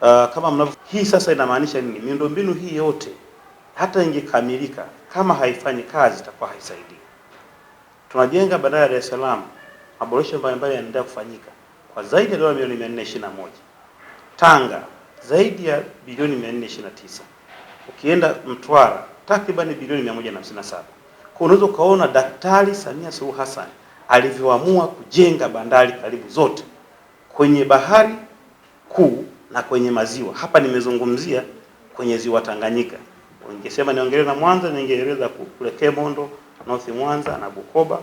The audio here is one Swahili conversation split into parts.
Uh, kama mnavyo hii sasa inamaanisha nini? Miundombinu hii yote hata ingekamilika kama haifanyi kazi itakuwa haisaidii. Tunajenga bandari ya Dar es Salaam, maboresho mbalimbali yanaendelea kufanyika kwa zaidi ya dola milioni moja. Tanga zaidi ya bilioni tisa. Ukienda Mtwara takriban bilioni saba. Kwa unaweza ukaona Daktari Samia Suluhu Hassan alivyoamua kujenga bandari karibu zote kwenye bahari kuu na kwenye maziwa. Hapa nimezungumzia kwenye ziwa Tanganyika. Ungesema niongelee na Mwanza, ningeeleza kule Kemondo, North Mwanza na Bukoba.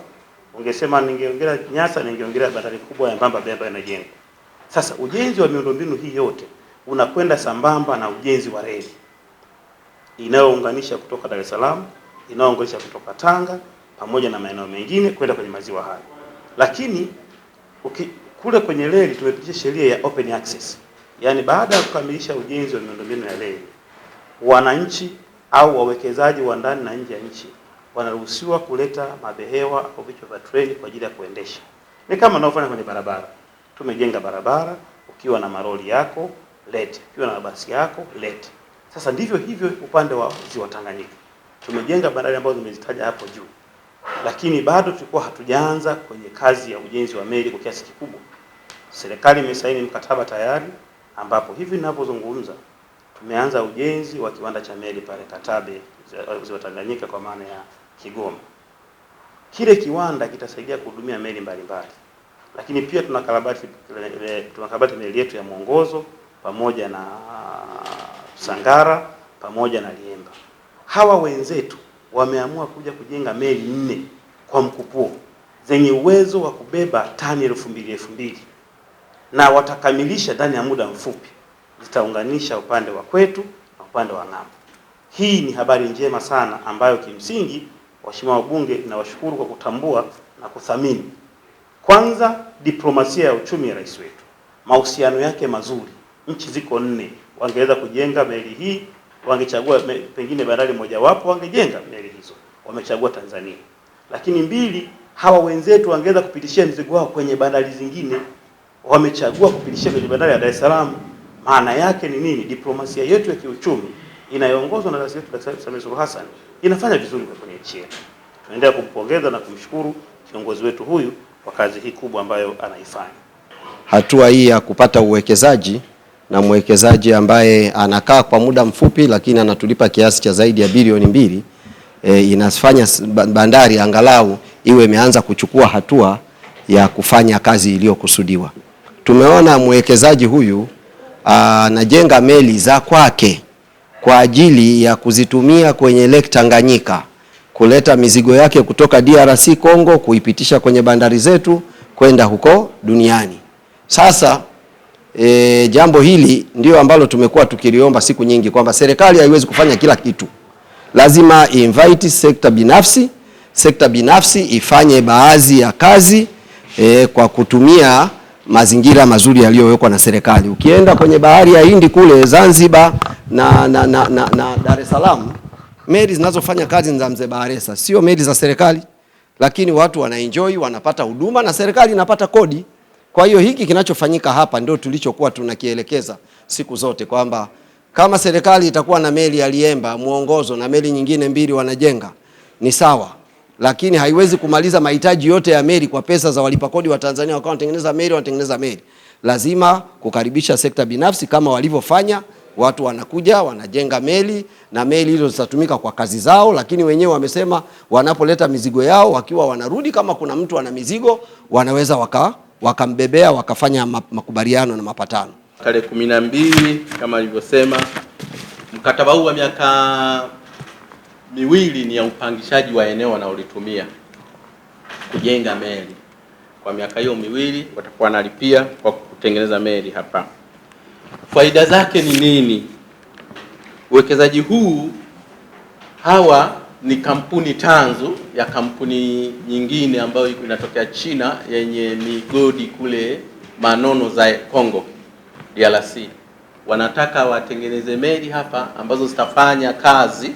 Ungesema ningeongelea Nyasa, ningeongelea bandari kubwa ya Mbamba Bay ambayo inajengwa sasa. Ujenzi wa miundombinu hii yote unakwenda sambamba na ujenzi wa reli inayounganisha kutoka Dar es Salaam, inayounganisha kutoka Tanga pamoja na maeneo mengine kwenda kwenye maziwa hayo. Lakini uki, kule kwenye reli tumepitisha sheria ya open access yaani baada ya kukamilisha ujenzi wa miundombinu ya reli, wananchi au wawekezaji wa ndani na nje ya nchi wanaruhusiwa kuleta mabehewa au vichwa vya treni kwa ajili ya kuendesha. Ni kama unaofanya kwenye barabara, tumejenga barabara, ukiwa na maroli yako let, ukiwa na mabasi yako let. Sasa ndivyo hivyo upande wa ziwa Tanganyika, tumejenga bandari ambazo nimezitaja hapo juu, lakini bado tulikuwa hatujaanza kwenye kazi ya ujenzi wa meli kwa kiasi kikubwa. Serikali imesaini mkataba tayari ambapo hivi ninavyozungumza tumeanza ujenzi wa kiwanda cha meli pale Katabe, eh, ziwa Tanganyika, kwa maana ya Kigoma. Kile kiwanda kitasaidia kuhudumia meli mbalimbali, lakini pia tunakarabati tunakarabati meli yetu ya Mwongozo pamoja na Sangara pamoja na Liemba. Hawa wenzetu wameamua kuja kujenga meli nne kwa mkupuo zenye uwezo wa kubeba tani elfu mbili elfu mbili na watakamilisha ndani ya muda mfupi, zitaunganisha upande wa kwetu na upande wa ng'ambo. Hii ni habari njema sana ambayo kimsingi, waheshimiwa wabunge, nawashukuru kwa kutambua na kuthamini kwanza diplomasia ya uchumi ya rais wetu, mahusiano yake mazuri. Nchi ziko nne, wangeweza kujenga meli hii, wangechagua me, pengine bandari mojawapo, wangejenga meli hizo, wamechagua Tanzania. Lakini mbili, hawa wenzetu wangeweza kupitishia mzigo wao kwenye bandari zingine wamechagua kupitishia kwenye bandari ya Dar es Salaam. Maana yake ni nini? Diplomasia yetu ya kiuchumi inayoongozwa na rais wetu Daktari Samia Suluhu Hassan inafanya vizuri kwenye nchi yetu. Tunaendelea kumpongeza na kumshukuru kiongozi wetu huyu kwa kazi hii kubwa ambayo anaifanya. Hatua hii ya kupata uwekezaji na mwekezaji ambaye anakaa kwa muda mfupi lakini anatulipa kiasi cha zaidi ya bilioni mbili e, inafanya bandari angalau iwe imeanza kuchukua hatua ya kufanya kazi iliyokusudiwa tumeona mwekezaji huyu ah, anajenga meli za kwake kwa ajili ya kuzitumia kwenye Lake Tanganyika kuleta mizigo yake kutoka DRC Congo kuipitisha kwenye bandari zetu kwenda huko duniani. Sasa e, jambo hili ndio ambalo tumekuwa tukiliomba siku nyingi kwamba serikali haiwezi kufanya kila kitu, lazima invite sekta binafsi. Sekta binafsi ifanye baadhi ya kazi e, kwa kutumia mazingira mazuri yaliyowekwa na serikali. Ukienda kwenye bahari ya Hindi kule Zanzibar na, na, na, na, na Dar es Salaam, meli zinazofanya kazi ni za mzee Baharesa, sio meli za serikali, lakini watu wanaenjoi wanapata huduma na serikali inapata kodi. Kwa hiyo hiki kinachofanyika hapa ndio tulichokuwa tunakielekeza siku zote kwamba kama serikali itakuwa na meli ya Liemba Mwongozo na meli nyingine mbili wanajenga ni sawa lakini haiwezi kumaliza mahitaji yote ya meli kwa pesa za walipa kodi wa Tanzania wakawa wanatengeneza meli wanatengeneza meli. Lazima kukaribisha sekta binafsi kama walivyofanya, watu wanakuja wanajenga meli na meli hizo zitatumika kwa kazi zao, lakini wenyewe wamesema wanapoleta mizigo yao wakiwa wanarudi, kama kuna mtu ana mizigo wanaweza waka wakambebea wakafanya makubaliano na mapatano. Tarehe kumi na mbili kama alivyosema mkataba huu wa miaka miwili ni ya upangishaji wa eneo wanaolitumia kujenga meli. Kwa miaka hiyo miwili watakuwa wanalipia kwa kutengeneza meli hapa. Faida zake ni nini? Uwekezaji huu, hawa ni kampuni tanzu ya kampuni nyingine ambayo inatokea China yenye migodi kule Manono za Kongo DRC. Wanataka watengeneze meli hapa ambazo zitafanya kazi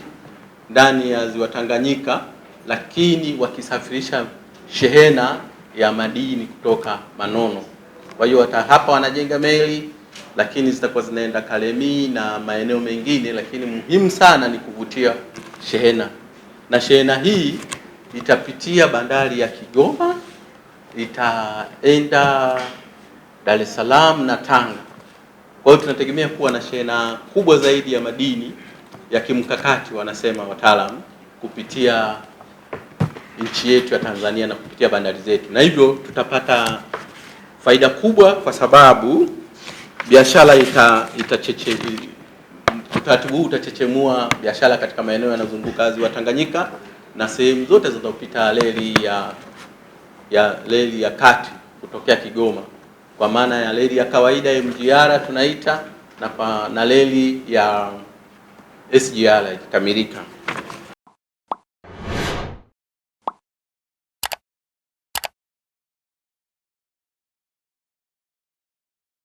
ndani ya ziwa Tanganyika, lakini wakisafirisha shehena ya madini kutoka Manono. Kwa hiyo hata hapa wanajenga meli, lakini zitakuwa zinaenda Kalemie na maeneo mengine, lakini muhimu sana ni kuvutia shehena, na shehena hii itapitia bandari ya Kigoma, itaenda Dar es Salaam na Tanga. Kwa hiyo tunategemea kuwa na shehena kubwa zaidi ya madini ya kimkakati wanasema wataalam kupitia nchi yetu ya Tanzania na kupitia bandari zetu, na hivyo tutapata faida kubwa kwa sababu biashara ita, itacheche utaratibu huu utachechemua biashara katika maeneo yanayozunguka ziwa Tanganyika na sehemu zote zinazopita reli ya ya reli ya kati kutokea Kigoma, kwa maana ya reli ya kawaida MGR tunaita na, na reli ya SGR like Tamirika